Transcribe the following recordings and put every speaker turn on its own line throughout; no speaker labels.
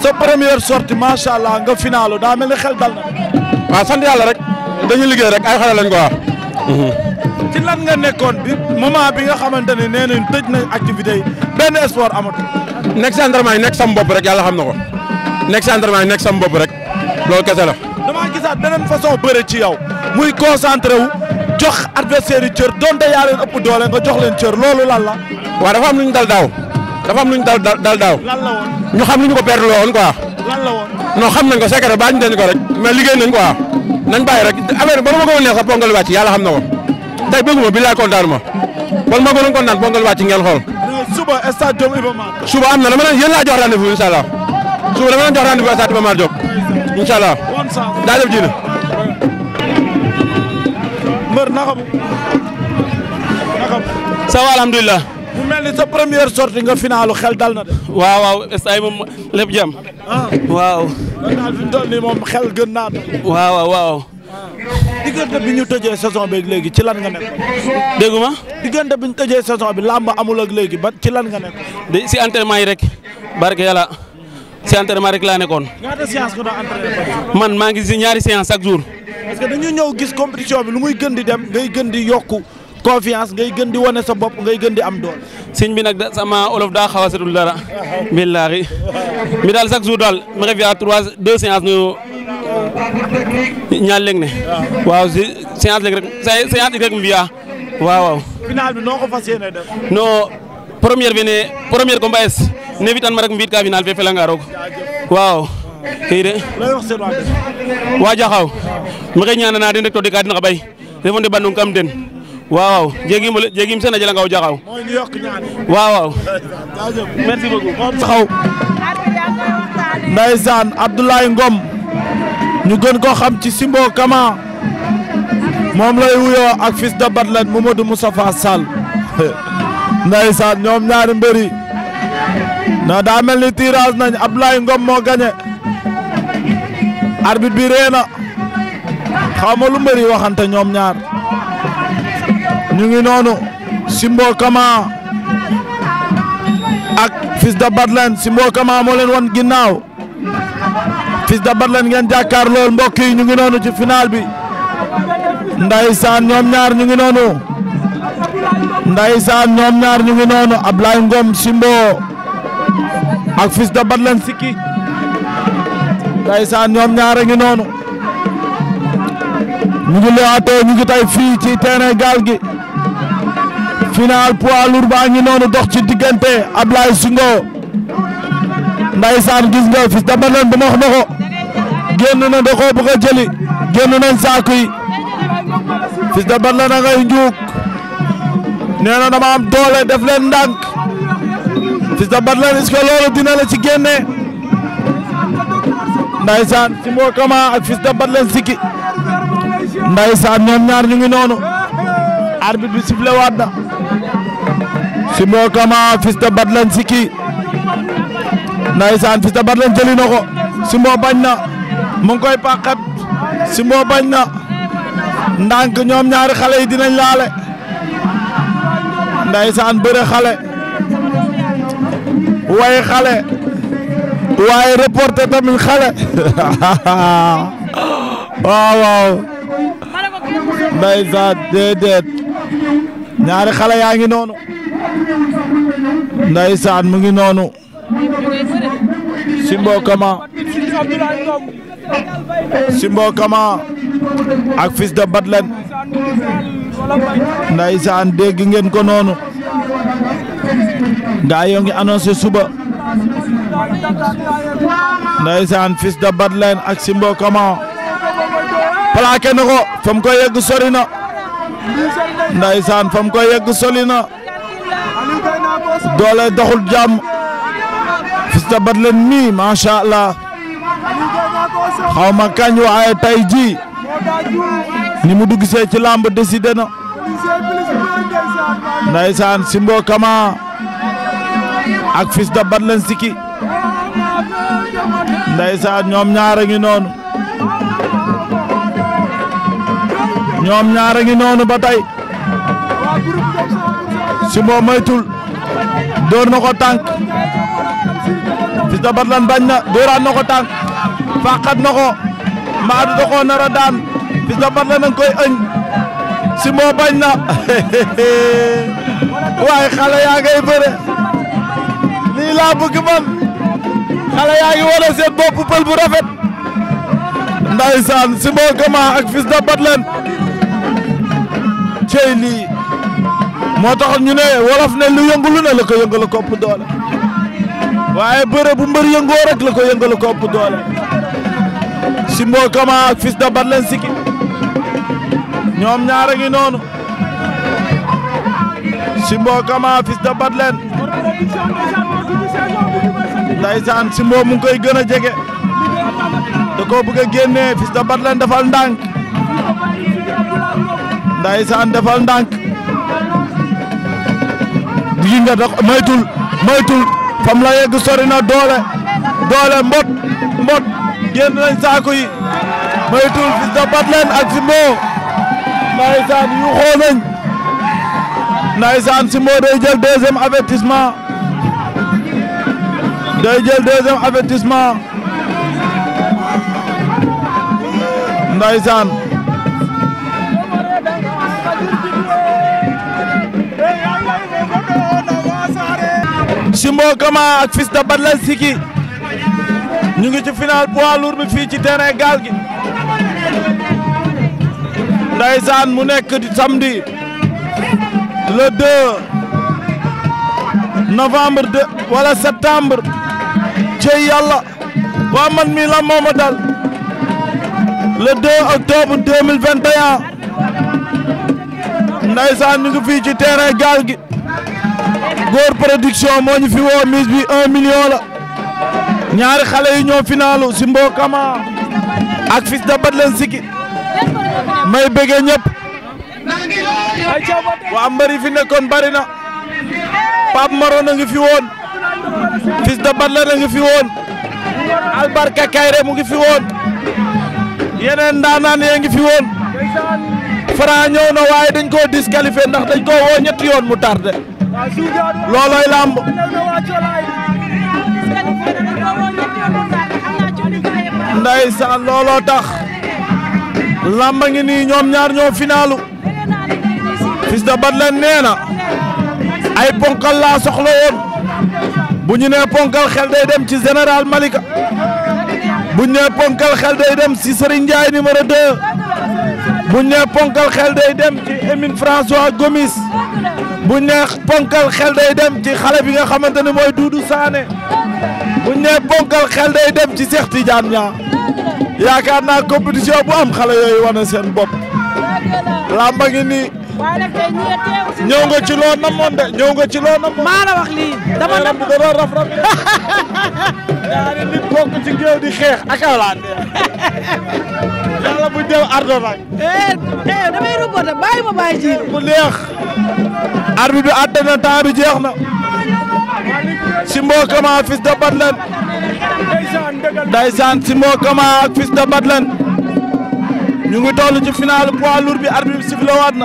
sa première sortie macha allah nga finaalu daa mel ni xel dal na. waaw sant yàlla rek dañuy liggéey rek ay xale lañ ko wax. Mhm. ci lan nga nekkoon bi moment bi nga xamante ne nee nañ tëj nañ activité benn sport amatul. nekk si entraînement yi nekk sama bopp rek yàlla xam na ko nekk si entraînement yi nekk sama bopp rek loolu kese la. damaa gisaat beneen façon bëre ci yow muy concentré wu jox adversaire yi cër don yaa leen ëpp doole nga jox leen cër loolu lan la. waa dafa am lu ñu dal daaw. dafa am lu ñu dal dal daaw. lan la woon ñu xam lu ñu ko perte woon quoi. lan la woon non xam nañ ko secret ba ñu dañ ko rek mais liggéey nañ quoi nañ bàyyi rek affaire ba ma ko neex sax pongal wàcc yàlla xam na ko tey bëgguma billaay kontaan ma kon ma gënoon kontaan pongal wàcc ngeen xool. suba stade Iba Mar Diop. suba am na dama ne yéen laa jox rendez-vous incha allah suba dama leen jox rendez-vous Iba Mar Diop incha allah daa jëf jiina. mbër naka bu naka bu. ça mu mel ni sa première sortie nga finalu xel dal na de. waaw waaw est moom lépp jàmm. Ah. waaw. man moom xel gën naa waaw waaw. Ah. diggante bi ñu tëjee saison bi ak léegi ci lan nga nekk. déggu diggante bi ñu tëjee saison bi làmb amul ak léegi ba ci lan nga nekk. de si entraînement yi rek. barke yàlla si entraînement rek laa nekkoon. ñaata séance nga doon man maa ngi si ñaari séance chaque jour. parce que dañu ñëw gis compétition bi lu muy gën di dem ngay gën di yokku confiance ngay gën di wane sa bopp ngay gën di am doole. sëñ bi nag sama olof daa xaw a setul dara. billaahi mi daal chaque jour daal ma revient à trois deux séances ñu ñaan léegi ne. waaw séance léegi séance yi rek mu waaw waaw. final bi noo ko fas yéene def. première bi première combat ne fi tan ma rek mbiit ka final felanga roog waaw. kii de waa Jaxaaw maxey ñaanana den rek to deka den xa ɓay refo ndeɓanong kam den waaw jéegim ba jéegim seen ajala ngaw jaxaw waaw waaw merci beaucoup taxaw ndaysaan Abdoulaye Ngom ñu gën ko xam ci Simbo Kama moom lay wuyoo ak fils de Batlen Mamadou Moustapha Sall ndaysaan ñoom ñaari mbëri na daa mel ni tirage nañ Abdoulaye Ngom moo gañe arbitre bi ree na xaw ma lu mbëri waxante ñoom ñaar ñu ngi noonu Simbo Kama ak Fils de Batlen Simbo Kama moo leen won ginnaaw Fils de Batlen ngeen jàkkaar lool mbokk yi ñu ngi noonu ci finaal bi ndaysaan ñoom ñaar ñu ngi noonu ndaysaan ñoom ñaar ñu ngi noonu Ablaye Ngom Simbo ak Fils de Batlen Sikki ndaysaan ñoom ñaar ngi noonu ñu ngi leewaatoo ñu ngi tey fii ci terrain Gaal gi final poids lourd baa ngi noonu dox ci diggante Ablaye Singo ndaysaan gis nga Fils de Batane bu ma wax na ko génn na da koo bëgg a jëli génn nañ saako yi Fils de Batane da na dama doole def leen ndànk Fils de Batane est loolu dina la ci génne ndaysaan si mbokkama ak Fils de Batane sikki ndaysaan ñoom ñaar ñu ngi noonu arbitre bi sifflé waat na Simbo Kama Fils de Batlen sikki ndaysaan Fils de Batlen jëli na ko Simbo bañ na mu ngi koy pàqat Simbo bañ na ndànk ñoom ñaari xale yi dinañ laale ndaysaan bëre xale way xale waaye reporté tamit xale waaw waaw ndaysaan déedéet ñaari xale yaa ngi noonu Ndeysaan mu ngi noonu Simbo Kama Simbo Kama ak Fils de Batlen Ndeysaan dégg ngeen ko noonu gaa yoo ngi annoncé suba Ndeysaan Fils de Batlen ak Simbo Kama plaqué na ko fa mu koy yegg sori na Ndeysaan fa mu koy doole doxul jàmm Fils de Batléne mi macha allah xaw ma kañ waaye ji ni mu dugg see ci làmb décidé na ndaysaan Simbo Kama ak Fils de Batléne Siki ndaysaan ñoom ñaara ngi noonu ñoom ñaara ngi noonu ba tey Simbo moytul door na tànk Fils de Batlan bañ na dooraat na tànk fàqat na ko Maadou da koo nar a daan Fils de Batlan da nga koy ëñ Simbo bañ na waaye xale yaa ngay bëre lii laa man xale yaa ngi wane seen bopp bu rafet ndaysaan Simbo Gama ak Fils de Batlan cey lii moo tax ñu ne wolof ne lu yëngu lu ne la ko yëngal ko ëpp doole waaye bëre bu mbër yëngoo rek la ko yëngal ko ëpp doole Simbo Kama ak Fils de Batlen Siki ñoom ñaar a ngi noonu Simbo Kama Fils de Batlen ndaysaan Simbo mu ngi koy gën a jege da koo bëgg a génnee Fils de Batlen defal ndànk ndaysaan defal ndànk Yinga da maytul maytul fam la yegg sori na doole doole mbot mbot génn nañ saako maytul Fils de Batlen ak Simbo ndaysaan yu xoo nañ ndaysaan Simbo day jël deuxième avertissement day jël deuxième avertissement ndaysaan Simbo Kama ak Fils de Batla Siki ñu ngi ci final poids lourd bi fii ci terrain gaal gi ndaysaan mu nekk samedi le 2 novembre de wala septembre ci yàlla waa man mi la mooma dal le 2 octobre 2021 ndaysaan ñu ngi fii ci terrain gaal gi góor production moo ñu fi woo mise bi un million la ñaari xale yi ñoo finalu Simbo Kama ak Fils de Batlen Siki may bëggee ñëpp waa mbëri fi nekkoon bari na Pape a ngi fi woon Fils de Batlen a ngi fi woon Albarka Kayre mu ngi fi woon yeneen ndaanaan yee ngi fi woon Franc ñëw na waaye dañ koo disqualifié ndax dañ koo woo ñetti yoon mu tardé loolooy làmb ndeysaan looloo tax làmb ngi nii ñoom ñaar ñoo finaalu Fils de Batlen nee na ay ponkal laa soxla woon bu ñu nee ponkal xel day dem ci général Malika bu ñu nee ponkal xel day dem ci Serigne Ndiaye numéro 2 bu ñu nee ponkal xel day dem ci Émine François Gomis buñ ne ponkal xel day dem ci xale bi nga xamante ne mooy Doudou Sané buñ ne ponkal xel day dem ci seex Tidiane Niang yaakaar naa compétition bu am xale yooyu wane seen bopp lamba ngi nii ñëw nga ci loo namoon de ñëw nga ci loo namoon maa la wax lii dama nam bu doon raf raf ñaari nit bokk ci géew di xeex ak alaane. yàlla bu ñu dem ardo ñu ngi toll ci final poids lourd bi arbitre bi sifflé waat na.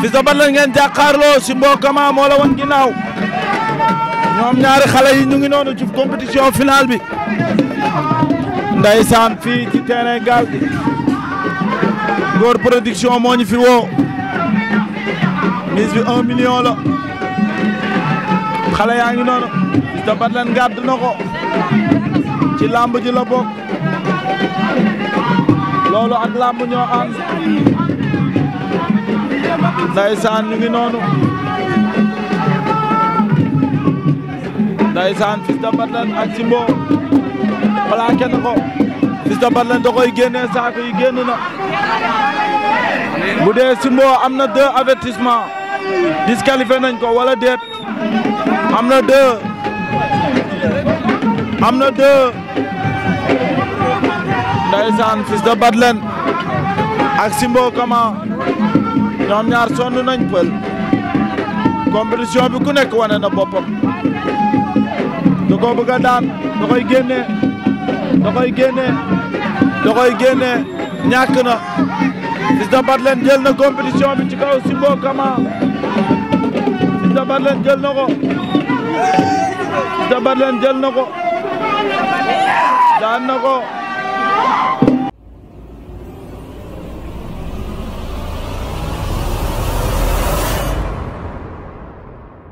Fils de Batlen ngeen jàkkaarloo Simbo Kama moo la woon ginnaaw. ñoom ñaari xale yi ñu noonu ci compétition finale bi ndeysaan fii ci terrain gi góor production moo ñu fi woo mise bi un million la xale yaa ngi noonu te bat leen ci làmb ji loolu ak làmb ñoo ànd ndeysaan ñu noonu ndaysaan Fils de Batling ak Zimbo plaqué na ko Fils de Batling da koy génnee saako yi génn na bu dee am na deux avertissement disqualifié nañ ko wala déet am na deux am na deux ndaysaan Fils de Batling ak Zimbo Kama ñoom ñaar sonn nañ pël compétition bi ku nekk wane na boppam da koo bëgg a daan da koy génne da koy génne da koy génne ñàkk na Fils de Batlen jël na compétition bi ci kaw Simbo Kama Fils de jël na ko Fils de jël na ko daan na ko